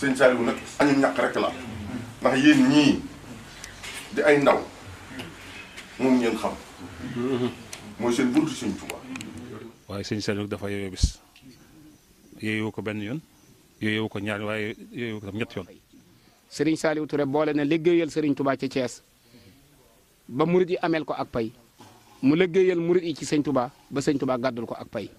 sëñ Saliou nag añu ñàkk rek la ndax yéen ñii di ay ndaw moom ngeen xam mooy seen buntu sëñ Tuubaa waaye sëñ Saliou nag dafa yeyoo bis yeyoo ko benn yoon yeyoo ko ñaar waaye yeyoo ko tam ñett yoon sëriñ Saliou Touré boole na liggéeyal sëriñ Touba ci Thiès ba murit yi ameel ko ak pay mu liggéeyal murit yi ci sëñ Touba ba sëñ Touba gàddul ko ak pay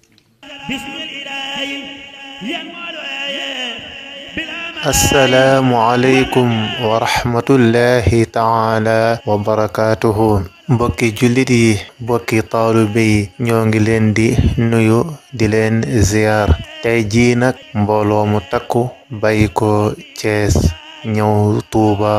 asalaamualeykum wa rahmatullahi taala wa barakaatuhu mbokki jullit yi mbokki taalube yi ñoo ngi leen di nuyu di leen ziyaar tey jii nag mbooloo mu takku bàyyi ko Cees ñëw Tuuba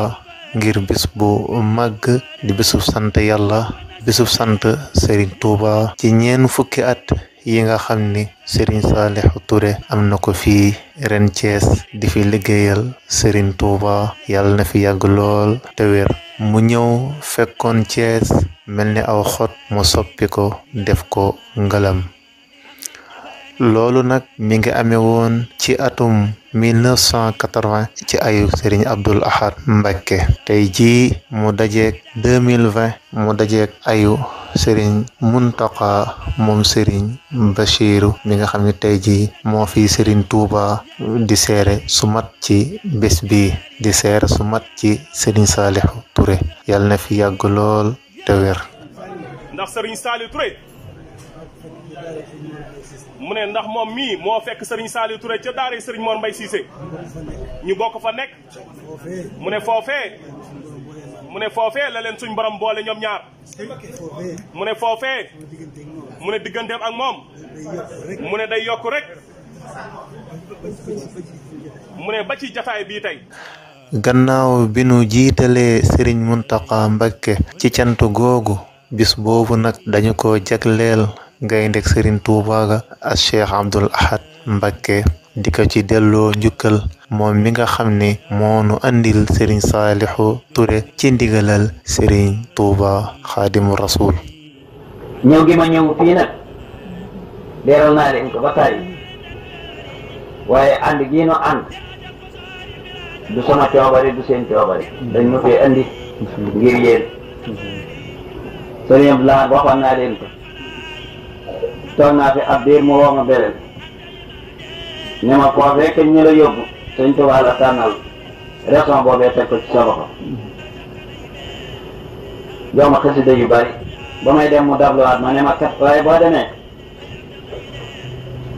ngir bis bu màgg di bisub sant yàlla bisub sant Sëriñ Tuuba ci ñeen fukki at yi nga xam ni Serigne Saliou Touré am na ko fi ren Thiès di fi liggéeyal Serigne Touba yàlla na fi yàgg lool te wér mu ñëw fekkoon Thiès mel ni aw xot mu soppi ko def ko ngalam loolu nag mi ngi amee woon ci atum 1980 ci ayu Serigne Abdul Ahad Mbacké tey jii mu dajeek 2020 mu dajeek ayu Serigne Mountakha moom Serigne Bachiru mi nga xam ne tey jii moo fi Serigne Touba di seere su mat ci bés bi di seere su mat ci Serigne Saliou Touré yàlla fi yàgg lool te wér. mu ne ndax moom mii moo fekk sëriñ Saliou Touré ca daara Serigne Mor Mbaye Cissé ñu bokk fa nekk mu ne foofee mu ne foofee la leen suñ borom boole ñoom ñaar mu ne foofee mu ne digganteem ak moom mu ne day yokk rek mu ne ba ci jataay bii tey gannaaw bi nu jiitalee Serigne Mountakha mbakke ci cant googu bis boobu nag dañu ko jagleel gayndeg Serigne Touba ga ak Cheikh Abdoul Ahad Mbacké di ko ci delloo njukkal moom mi nga xam ne moonu andil Serigne Saliou Touré ci ndigalal Serigne Touba Xaadimu Rasul ñëw gi ma ñëw fii nag du sama coobare du seen coobare sëriñ Blanc waxoon naa leen ko toog naa fi ab biir mu woo ma beneen ne ma foofu rek ñu la yóbbu sëñ Tuubaa la tànnal raison boobee teg ko ci sa loxo jox ma xasida yu bari ba may dem mu dabluwaat ma ne ma kat waaye boo demee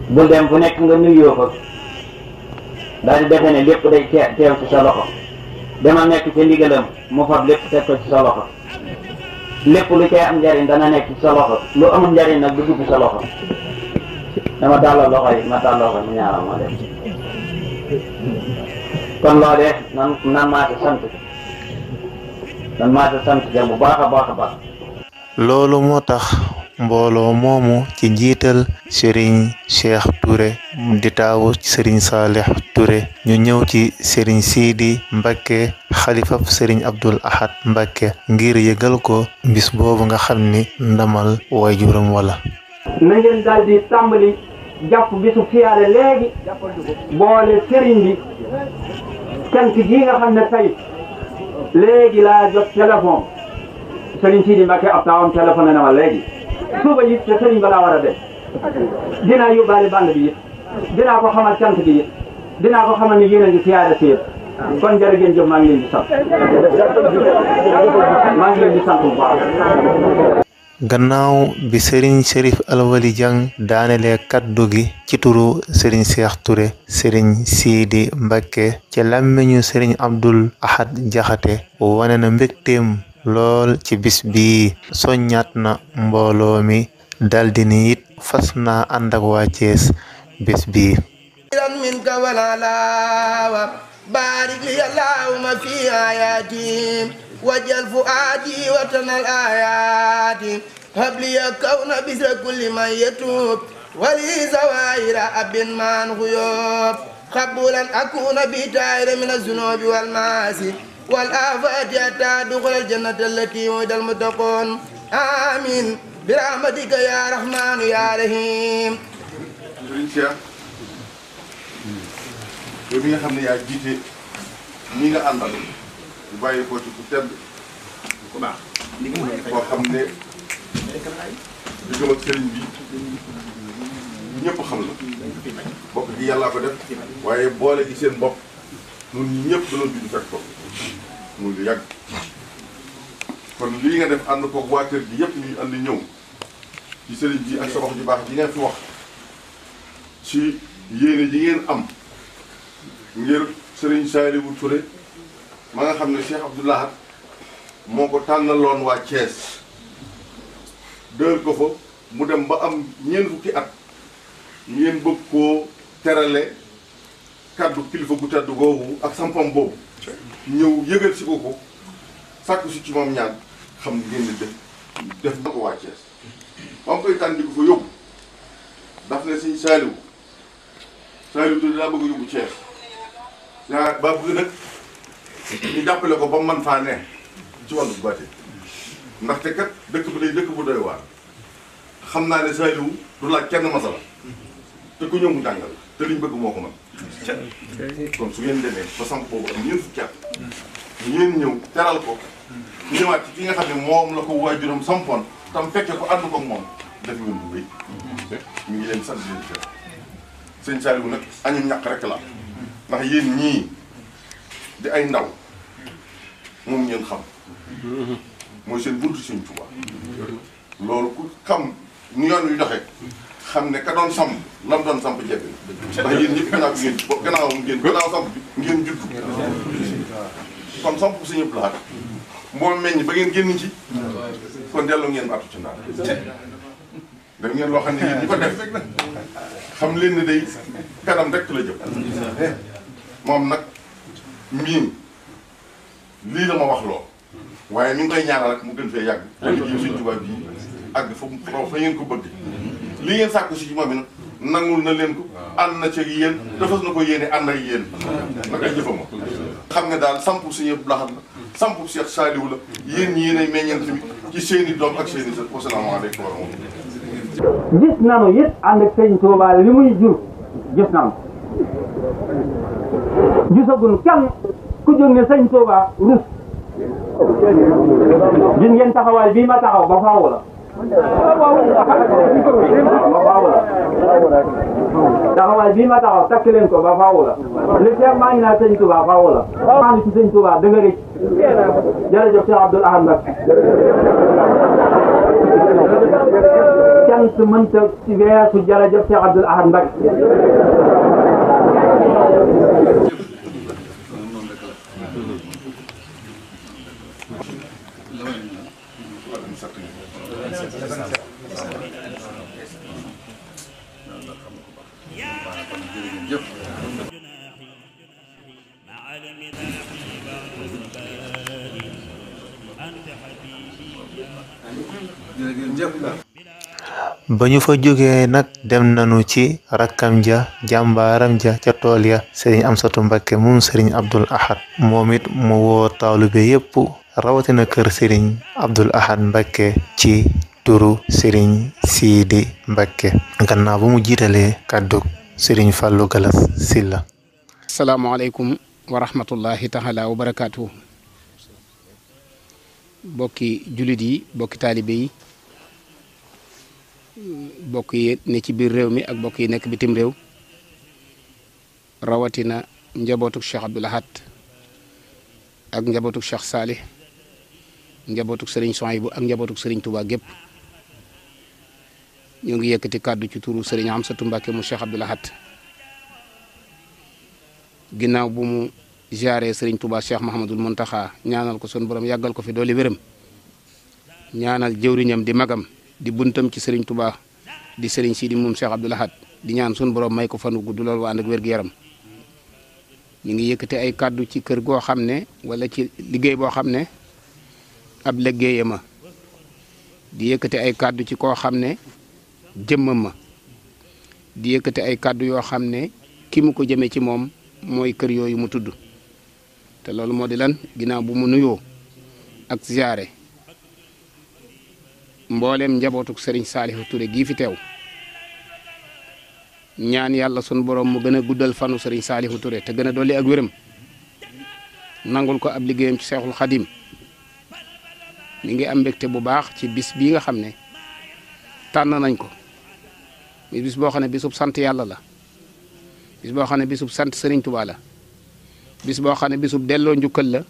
bul dem fu nekk nga nuyoo fa daal di defe ne lépp day teew ci sa loxo demal nekk ci ndigalam mu fab lépp teg ko ci sa loxo. lépp lu cay am njariñ dana nekk ci sa lu am njariñ nag du dugg sa loxo dama tàllal loxo yi ma tàllal loxo ñu ñaanal ma kon loolee nan nan maa ci sant nan maa ci sant bu baax a baax a loolu moo tax. mboolo moomu ci njiital Serigne Cheikh ture di taawu Serigne Saleh Touré ñu ñëw ci Serigne siidi Mbacké xalifab Serigne Abdoul Ahad Mbacké ngir yëgal ko bis boobu nga xam ni ndamal waajuram wala. na ngeen daal di bisu siyaare léegi boole jot téléphone Serigne Sidi Mbacké ab taawam téléphone na léegi. gannaaw bi sëriñ sërif alwali jang daanelee kaddu gi ci turu sëriñ seex ture sëriñ siidi mbakke ci làmmiñu sëriñ abdul ahad jaxate wane na mbégteem lool ci bis bii soññaat na mbooloo mi daldi ni it fas naa ànd ak waa Cees bis bii بارك لي اللهم في آياتي واجعل فؤادي وطن الآيات هب لي كون بسر كل من يتوب ولي زوائر أب من غيوب قبولا أكون بتائر من الذنوب والمعاصي wal afaati hatta duxulal jannata allati wa'ida al-muttaqoon amiin bi rahmatika yaa rahmaanu yaa rahiim. Sëriñ Cheikh yow mi nga xam ne yaa jiite ñi nga àndal bu bàyyi ko ci ku tedd xam ne li gëm bi ñëpp xam na bokk gi yàllaa ko def waaye boole gi seen bopp ñun ñëpp dañoo judd fekk ko. muy lu yàgg kon lii nga def ànd kook waa kër gi yëpp ñuy ànd ñëw ci sëriñ bi ak sa ju baax ji ngeen fi wax ci yéene ji ngeen am ngir sëriñ Saaliwu Ture ma nga xam ne Cheikh Abdou Lahad moo ko tànnaloon waa Thiès dër ko fa mu dem ba am ñeent fukki at ngeen bëgg koo terale kàddu kilifa gu tedd googu ak sampam boobu ñëw yëgal si ko ko sàkku si ci moom ñaan xam ni def def na ko waa Thiès ba mu koy tànn di ko yóbbu daf ne sëñ Saliou Saliou ñu jàppale ko ba man faa ne ci wàllu bàtte ndaxte kat dëkk bi day xam naa ne Saliou du laaj kenn masala te ku ñëw mu jàngal te liñ bëgg moo ko mën kon su ngeen demee ba samp boobu ak ñeent fukki at ngeen ñëw teral ko ñëwaat ci ki nga xam ne moom la ko waajuram sampoon tam fekkee ko ànd ko moom def ngeen bu wéy ñu ngi leen sant leen fi sëñ Saliou nag añum ñàkk rek la ndax yéen ñii di ay ndaw moom ngeen xam mooy seen buntu sëñ Tuubaa loolu ku xam nu yoon wi doxee xam ne ka doon samp lam doon samp jekk na ndax yéen ñëpp gannaaw ngeen gannaawam ngeen gannaaw samp bi ngeen judd kon samp bu suñu plaat mboom meññ ba ngeen génn ci kon dellu ngeen atu ci ndaar def ngeen loo xam ne yéen ñi ko def xam leen ne day kanam rek la jëm moom nag miin lii la ma wax loo waaye mi ngi koy ñaanal rek mu gën fee yàgg liggéey suñ tubaab bii àgg fa fa ngeen ko bëgg li ngeen sàkku si ci moom nag nangul na leen ko ànd na ci yéen dafas na ko yéene ànd ak yéen nag ay jëfam xam nga daal sampu si ñëpp laxat la sampu Cheikh Saliou la yéen ñi yéen ay meññeent tamit ci seen i doom ak seen i sët wasalaamaaleykum wa nanu it ànd ak sëñ Touba li muy jur gis nanu gisagun kenn ku jóg ne sëñ Touba rus gis ngeen taxawaay bi ma taxaw ba faaw la taxawaay ma taxaw takk leen ko ba faaw la li feeg maa ngi naan sëñ Touba faaw la maa ngi ci sëñ Touba dëgg rek jërëjëf Cheikh Abdoul Ahad Mbacké cant mënta ci weesu jërëjëf Cheikh Abdoul Ahad Mbacké ba ñu fa jógee nag dem nañu ci rakkam ja jàmbaaram ja ca tool ya sëriñ Amsatu Mbakke moom sëriñ Abdul Ahad moom it mu woo taalibe yépp rawatina kër sëriñ Abdul Ahad Mbakke ci turu sëriñ Siidi Mbakke gannaaw ba mu jiitalee kàddu sëriñ Fàllu Galas Silla salaamaaleykum wa rahmatullahi taala wa bokki jullit yi bokki taalibe yi bokk yi ne ci biir réew mi ak bokk yi nekk bitim réew rawatina njabootuk Cheikh Abdoul Ahad ak njabootuk Cheikh Salih njabootuk Serigne Souhaïbou ak njabootuk Serigne Touba gépp ñu ngi yëkkati kàddu ci turu Serigne Amsatou Mbacké mu Cheikh Abdoul Ahad ginnaaw bu mu jaaree Serigne Touba Cheikh Mahamadul Muntaxa ñaanal ko sun borom yàggal ko fi dooli wéram ñaanal jëwriñam di magam di buntam ci Serigne Touba di Serigne Sidi moom Cheikh Abdoul Ahad di ñaan sunu borom may ko fanu gudd lool waa ànd ak wér yaram ñu ngi yëkkate ay kàddu ci kër goo xam ne wala ci liggéey boo xam ne ab liggéeyam ma di yëkkate ay kàddu ci koo xam ne jëmmam ma di yëkkate ay kàddu yoo xam ne ki mu ko jëmee ci moom mooy kër yooyu mu tudd te loolu moo di lan ginnaaw bu mu nuyoo ak ziyaare mbooleem njabootuk sëriñ Saalihu ture gii fi teew ñaan yàlla sunu boroom mu gën a guddal fanu sëriñ Saalihu Touré te gën a dolli ak wéram nangul ko ab liggéeyam ci seexul xadim mu ngi am mbégte bu baax ci bis bii nga xam ne tànn nañ ko muy bis boo xam ne bisub sant yàlla la bis boo xam ne bisub sant sëriñ Tuubaa la bis boo xam ne bisub delloo njukkal la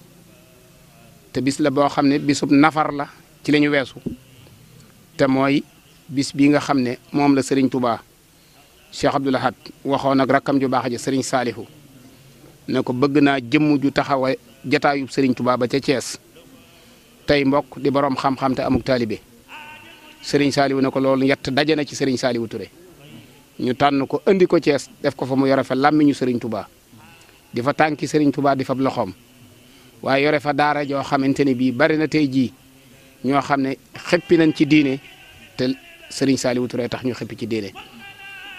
te bis la boo xam ne bisub nafar la ci lañu weesu te mooy bis bi nga xam ne moom la Serigne Touba Cheikh Abdoul Ahad waxoo nag rakkam ju baax ja sëriñ Saalihu ne ko bëgg naa jëmm ju taxawa jataayub sëriñ Touba ba ca cees tey mbokk di borom xam-xam te amuk taalibe Serigne Saalihu ne ko loolu yett daje na ci sëriñ Saalihu Touré ñu tànn ko andi ko Thiès def ko fa mu yore fa làmmiñu Serigne Touba di fa tànki Serigne Touba di fa loxoom waaye yore fa daara joo xamante bii bari na tey jii. ñoo xam ne xëppi nañ ci diine te Serigne Saliou Touré tax ñu xëppi ci diine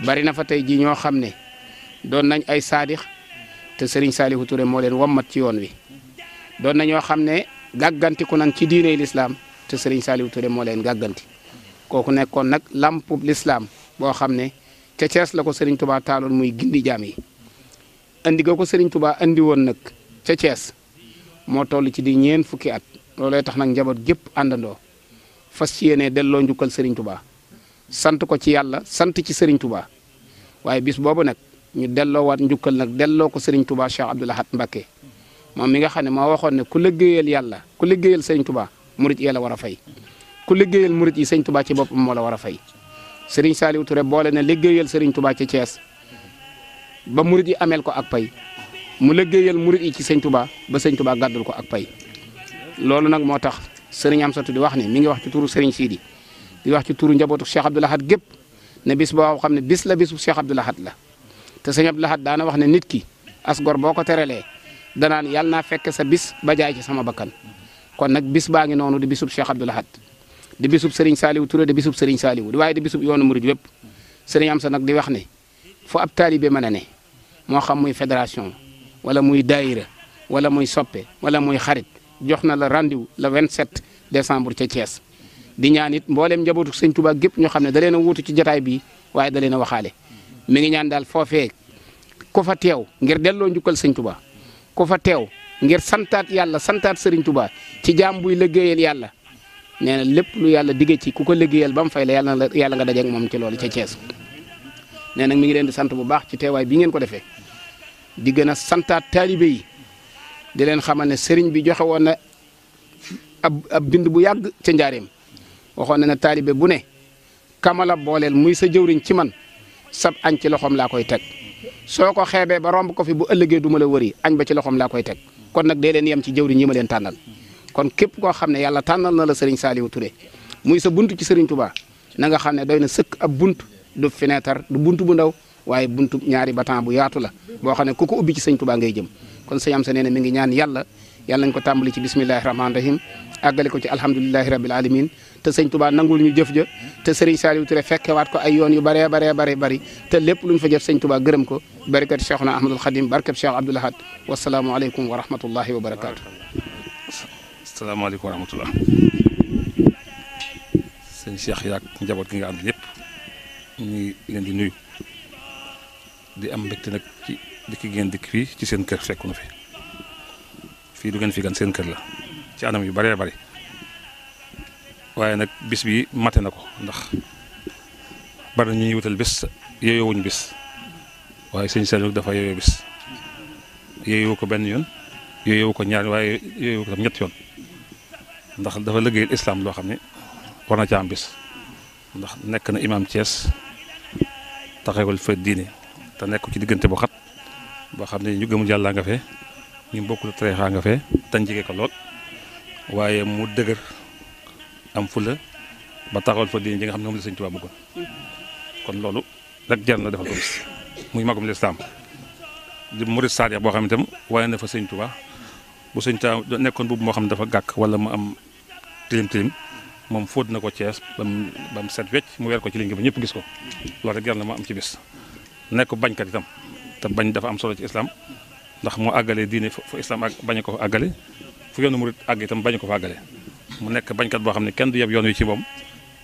bari na fa tey ji ñoo xam ne doon nañ ay saadix te sëriñ Saliou Touré moo leen wammat ci yoon wi doon na ñoo xam ne gàggantiku nañ ci diine lislaam te Serigne Saliou Touré moo leen gàgganti kooku nekkoon nag lampu lislaam boo xam ne ca la ko Serigne Touba taaloon muy gindi jaam yi andi ga ko Serigne Touba andi woon nag ca Cees moo toll ci di ñeen fukki at looloo tax nag njaboot gépp àndandoo fas ci yéene delloo njukkal Serigne Touba sant ko ci yàlla sant ci Serigne tubaa waaye bis boobu nag ñu delloo waat njukkal nag delloo ko sëriñ Touba Cheikh Abdoul Ahad Mbacké moom mi nga xam ne moo waxoon ne ku liggéeyal yàlla ku liggéeyal Serigne Touba murit yi la war a fay ku liggéeyal murit yi Serigne Touba ci boppam moo la war a fay Serigne Saliou Touré boole na liggéeyal Serigne Touba ci Thiès ba murit yi ameel ko ak pay mu liggéeyal murit yi ci Serigne Touba ba Serigne Touba gàddul ko ak pay loolu nag moo tax sëriñ Amsatu di wax ni mi ngi wax ci turu sëriñ Sidi di wax ci turu njabootu Cheikh Abdoul Ahad gépp ne bis boo xam ne bis la bisu Cheikh Abdoul Ahad la te sëñ Abdoul Ahad daana wax ne nit ki as boo ko terelee danaan yàlla naa fekk sa bis ba jaay ci sama bakkan kon nag bis baa ngi noonu di bisub Cheikh Abdoul Ahad di bisub Serigne Saliou Touré di bisub Serigne Saliou di waaye di bisub yoonu murid yépp sëriñ Amsa nag di wax ne fu ab taalibe mën a ne moo xam muy fédération wala muy daayira wala muy soppe wala muy xarit jox na la rendez-vous le 27 décembre ca Thiès di ñaan it mbooleem njabootu sëñ Tuubaa gépp ñoo xam ne dalee na a ci jotaay bii waaye da leen waxaale mi ngi ñaan daal foofee ku fa teew ngir delloo njukkal sañ Tuubaa ku fa teew ngir santaat yàlla santaat sëriñ tubaa ci jaam buy liggéeyal yàlla nee na lépp lu yàlla digge ci ku ko liggéeyal ba mu fay la yàlla na yàlla nga dajeeg moom ci loolu ca Thiès nee nag mi ngi leen di sant bu baax ci teewaay bi ngeen ko defee di gën a santaat taalibe yi di leen xamal ne sëriñ bi joxe woon na ab bind bu yàgg ca njaareem waxoon na ne taalibe bu ne kamala booleel muy sa jëwriñ ci man sab añ ci loxoom laa koy teg soo ko xeebee ba romb ko fi bu ëllëgee duma ma la wëri añ ba ci loxoom laa koy teg kon nag dee leen yem ci jëwriñ yi ma leen tànnal kon képp koo xam ne yàlla tànnal na la sëriñ Saliou Touré muy sa bunt ci sëriñ Touba na nga xam ne doy na sëkk ab bunt du fenêtre du bunt bu ndaw waaye bunt ñaari batan bu yaatu la boo xam ne ku ubbi ci sëriñ Touba ngay jëm kon sëñ Amsa nee mi ngi ñaan yàlla yàlla nañ ko tàmbali ci bismillahi rahmaani rahim àggale ko ci alhamdulilahi rabil alamin te sëñ Touba nangul ñu jëf ja te Serigne Saliou Touré fekkewaat ko ay yoon yu bare bare baree bari te lépp lu ñu fa jëf sëñ Touba gërëm ko barkat Cheikhuna Ahmadul Khadim barkat Cheikh Abdoul Ahad wasalaamualeykum wa rahmatullahi wa barakaatu. asalaamaaleykum wa rahmatullah sëñ Cheikh yaak njaboot gi nga am ñëpp ñu ngi di nuyu di dikki ngeen dikk fii ci seen kër fekku na fi fii du ngeen fi gan seen kër la ci anam yu bëree bëri waaye nag bis bi mate na ko ndax bari ñuy wutal bis yeyowuñ bis waaye sëñ Saliou dafa bis yeyow ko benn yoon yeyow ko ñaar waaye yeyow ko tam ñett yoon ndax dafa liggéeyal islam loo xam ne war na ci bis ndax nekk na imam Thiès taxawal fa diine te nekk ci diggante bu xat boo xam ne ñu gëmul jàllaa nga fe ñu bokkul tariixa nga fe tañ jege ko lool waaye mu dëgër am fula ba taxawal fa diine ji nga xam ne moom la Sëñ Tuubaa bëggoon kon loolu rek jar na defal ko bis muy magum lislaam di murid saadiq boo xam ne itam waaye na fa Sëñ Tuubaa bu Sëñ Tuubaa nekkoon boobu moo xam ne dafa gàkk wala mu am tilim tilim moom fóot na ko Cees ba mu set wecc mu weer ko ci liñ gi ba ñëpp gis ko loolu rek jar na ma am ci bis nekk bañkat itam te bañ dafa am solo ci islam ndax moo àggalee diine fu islam ak bañ ko fa àggale fu yoonu murit àgg itam bañ ko fa àggale mu nekk bañkat boo xam ne kenn du yeb yoon wi ci moom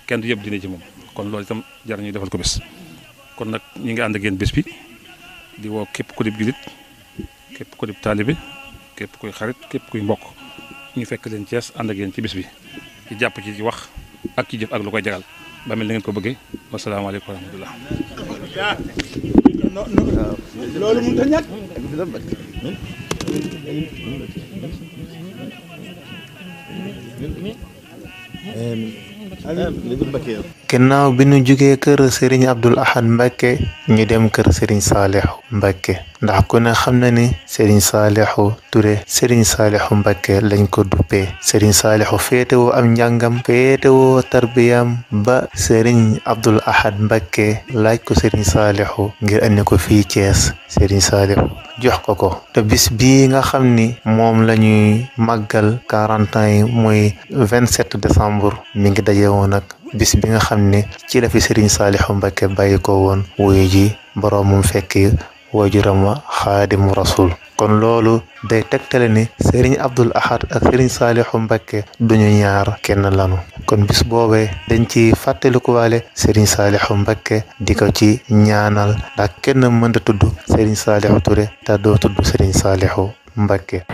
kenn du yeb diine ci moom kon loolu itam jar ñuy defal ko bés kon nag ñu ngi ànd ak yéen bés bi di woo képp ku dib julit képp ku dib taalibe képp kuy xarit képp kuy mbokk ñu fekk leen Cees ànd ak ci bés bi ci jàpp ci wax ak ci jëf ak lu koy jagal ba mel ni ngeen ko bëgge wasalaamaaleykum wa rahmatullah non non loolu mënut a ñàkk. Aliou Mbacké ginnaaw bi nu jugee kër Serigne Abdoul Ahad mbake ñu dem kër Serigne Saliou mbake ndax ku ne xam na ni Serigne Saliou Touré Serigne Saliou Mbacke lañ ko duppee Serigne Saliou féetewoo am njàngam féetewoo tarbiyam ba Serigne Abdoul Ahad mbake laaj ko Serigne Saliou ngir andi ko fii Thiès Serigne Saliou jox ko ko te bis nga xam ni moom la ñuy màggal quarante ans yi mooy vingt sept décembre mi ngi daje woon bis bi nga xam ne ci la fi Serigne Saliou Mbacké bàyyi ko woon wuyu ji boroomum fekk waajuram wa xaadimu rasul kon loolu day tegtale ni Serigne Abdoul Ahad ak Serigne Saliou Mbacké duñu ñaar kenn lanu kon bis boobee dañ ci fàttaliku waale Serigne Saliou Mbacké di ko ci ñaanal ndax kenn mënta tudd Serigne Saliou Touré te doo tudd Serigne Saliou Mbacké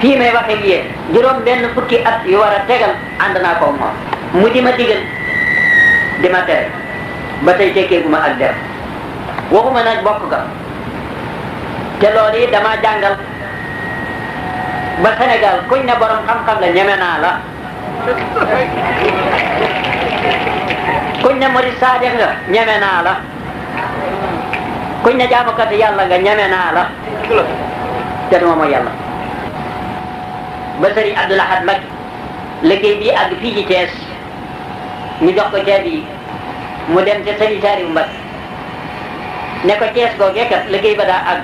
fii may wax ak yéen juróom benn fukki at yu war a tegal ànd naa ko moom mu di ma digal di ma tere ba tey tekkee gu ma ak der waxuma nag bokk ga te loolu yi dama jàngal ba senegal kuñ ne borom xam-xam la ñeme naa la kuñ ne Murid Saadiq nga ñeme naa la kuñ ne jaamukat yàlla nga ñeme naa la te duma mooy yàlla ba sëriñ Abdoul Ahad Mbacké liggéey bii àgg fii ci Thiès ñu jox ko caabi mu dem ca sëriñ Saliou Mbacké ne ko Thiès googee kat liggéey ba daa àgg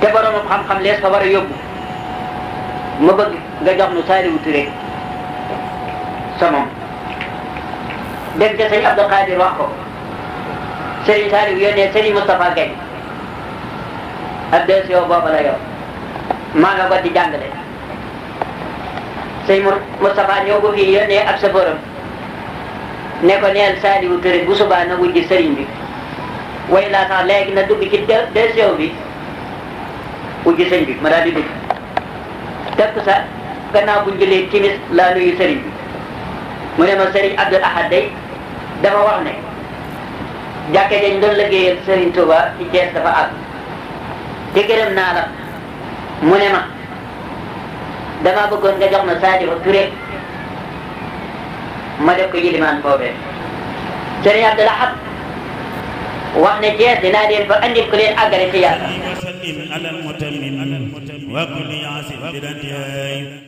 te boroomam xam-xam lees ko war a yóbbu ma bëgg nga jox nu Saliou Touré somom dem ca sëriñ Abdou Khadir wax ko sëriñ Saliou yónnee sëriñ Moustapha Gaye ab des maa nga ba di jàngale sëñ Moustapha ñoo ko fii yónnee ak sa borom ne ko neel Saliou Touré bu subaa na wujji sëriñ bi way laa sax léegi na dugg ci deuxième bi wujji sëriñ bi ma daal di dugg sa gannaaw bu njëlee timis laa nuyu bi mu ne ma sëriñ Abdul Ahad day dafa wax ne jàkke dañ doon liggéeyal sëriñ Touba ci Thiès dafa àgg te gërëm naa la mu ne ma damaa bëggoon nga jox ma Sadio Touré ma def ko yilimaan boobee Sëriñ Abdul Ahad wax ne Cees dinaa leen fa andil ko leen àggale ci yàlla